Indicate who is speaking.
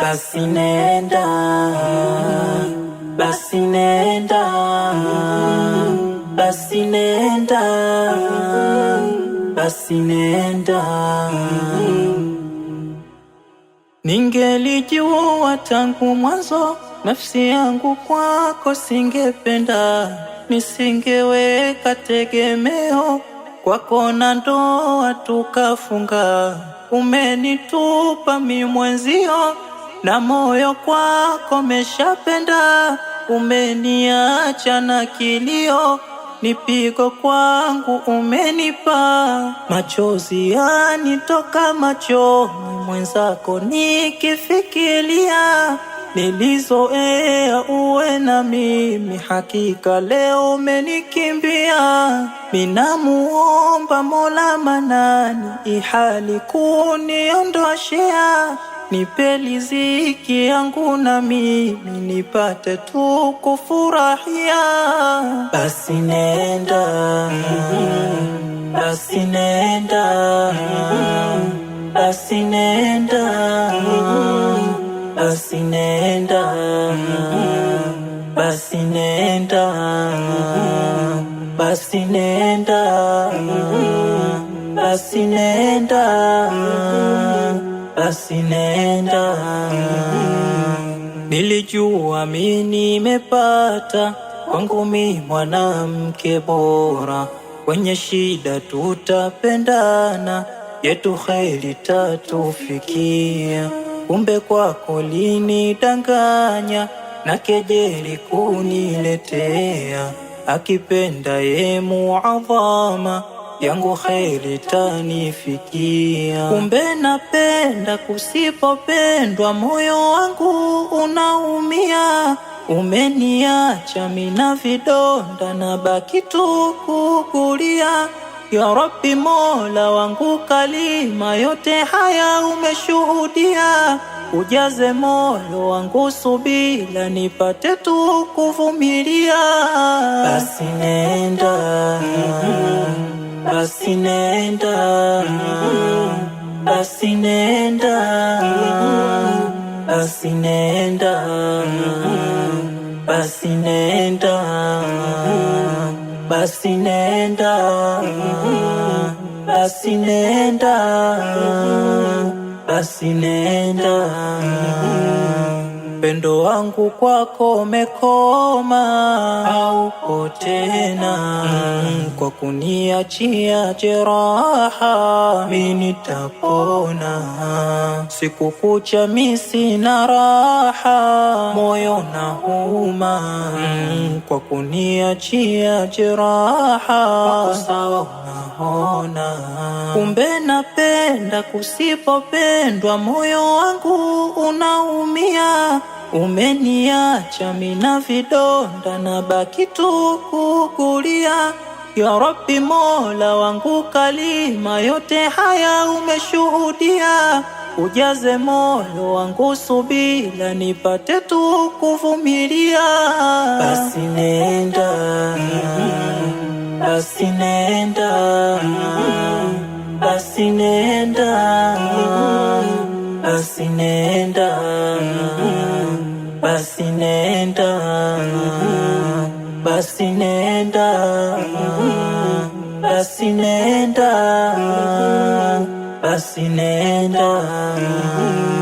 Speaker 1: Basi nenda, basi nenda, basi nenda, basi nenda. Ningelijua tangu mwanzo, nafsi yangu kwako singependa, nisingeweka tegemeo kwako na ndoa tukafunga, umenitupa mimwenzio na moyo kwako meshapenda, umeniacha na kilio, nipigo kwangu umenipa, machozi yanitoka machoni mwenzako, nikifikiria nilizoea uwe na mimi, hakika leo umenikimbia. Minamuomba Mola Manani, ihali kuniondoshea nipe riziki yangu na mimi nipate tu kufurahia,
Speaker 2: basi nenda basi nenda basi nenda basi nenda basi nenda basi nenda basi nenda basi nenda. Nilijua mi nimepata kwangu mi mwanamke bora, kwenye shida tutapendana, yetu kheri tatufikia. Kumbe kwako linidanganya na kejeli kuniletea, akipenda ye muadhama yangu hailitanifikia. tanifikia.
Speaker 1: Kumbe napenda kusipopendwa, moyo wangu unaumia. Umeniacha mina vidonda, na baki tu kukulia. Ya Rabbi, Mola wangu, kalima yote haya umeshuhudia. Ujaze moyo wangu subila, nipate tu kuvumilia.
Speaker 2: Basi nenda mm -hmm basi nenda, basi nenda, basi nenda, basi nenda, basi nenda, basi nenda, basi nenda
Speaker 1: upendo wangu kwako umekoma, au tena mm, kwa kuniachia jeraha, mimi nitapona. Siku kucha mimi raha, moyo huma mm, mm-hmm. kwa kuniachia jeraha, sawa unaona, kumbe napenda kusipopendwa, moyo wangu unaumia Umeniacha mina vidonda na baki tu kukulia. Ya Rabbi Mola wangu, kalima yote haya umeshuhudia. Ujaze moyo wangu subila, nipate tu kuvumilia.
Speaker 2: Basi nenda, basi nenda, basi nenda, basi nenda basi nenda, basi nenda, basi nenda, basi nenda